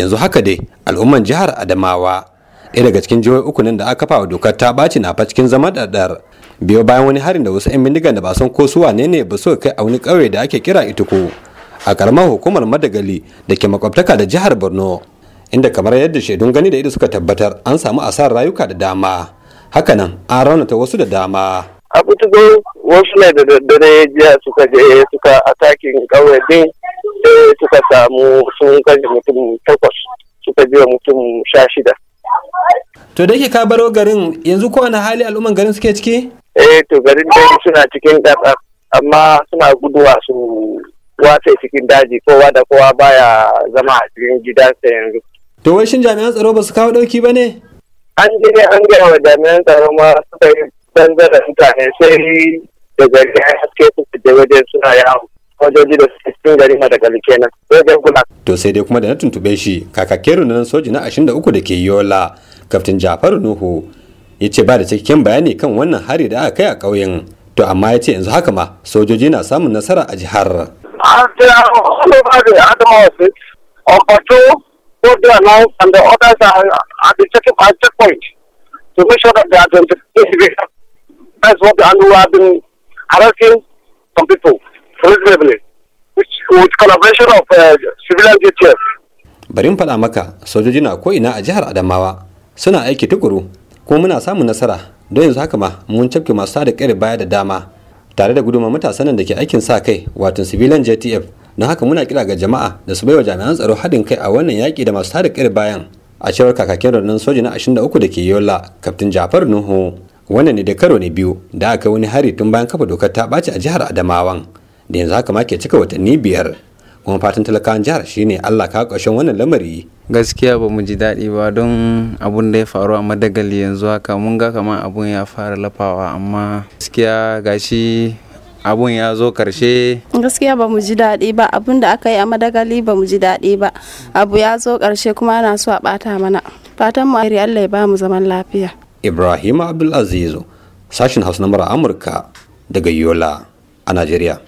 yanzu haka dai al'umman jihar adamawa ɗaya daga cikin jihohi uku nan da aka kafa wa dokar ta ɓaci na fa cikin zama ɗaɗar biyo bayan wani harin da wasu 'yan bindigan da ba san ko su wane ne ba su kai a wani ƙauye da ake kira ituku a karamar hukumar madagali da ke makwabtaka da jihar borno inda kamar yadda shaidun gani da ido suka tabbatar an samu asarar rayuka da dama hakanan an raunata wasu da dama a wasu ne da daddare jiya suka je suka atakin ƙauye din suka samu sun kashe mutum takwas suka biya mutum sha shida. To da yake ka baro garin yanzu ko wani hali al'umman garin suke ciki? Eh to garin dai suna cikin ɗaɗa amma suna guduwa su wace cikin daji kowa da kowa baya zama a cikin gidansa yanzu. To wai shin jami'an tsaro ba su kawo ɗauki ba ne? An je an gaya wa jami'an tsaro ma suka yi banza da mutane sai da gari haske suka je wajen suna yawo. sojoji da suke cikin gari madagali kenan wajen kula. to sai dai kuma da na tuntube shi kakakke rundunar soji na ashirin da uku da ke yola kaftin jafaru nuhu ya ce ba da cikakken bayani kan wannan hari da aka kai a ƙauyen to amma ya ce yanzu haka ma sojoji na samun nasara a jihar. ce On patrol, both the announced and the others da a the checkpoint to make shaɗa da they are That's what the, and we have been harassing some people. reasonably uh, Bari faɗa maka sojoji na ko ina a jihar Adamawa suna aiki tukuru kuma muna samun nasara don yanzu haka ma mun cafke masu sada ƙere baya da dama tare da guduma matasan da ke aikin sa kai wato civilian JTF don haka muna kira ga jama'a da su baiwa jami'an tsaro haɗin kai a wannan yaƙi da masu sada ƙere bayan a cewar kakakin rundunar soji na 23 da ke yola kaftin jafar nuhu wannan ne da karo ne biyu da aka wani hari tun bayan kafa dokar ta ɓaci a jihar adamawan da yanzu haka ma ke cika watanni biyar kuma fatan talakawan jihar shine Allah ka ƙarshen wannan lamari gaskiya ba mu ji daɗi ba don abun da ya faru a madagali yanzu haka mun ga kamar abun ya fara lafawa amma gaskiya gashi abun ya zo karshe gaskiya ba mu ji daɗi ba abun da aka yi a madagali ba mu ji daɗi ba abu ya zo karshe kuma ana so a ɓata mana fatan mu Allah ya ba mu zaman lafiya ibrahim abdulaziz sashin hausa na amurka daga yola a najeriya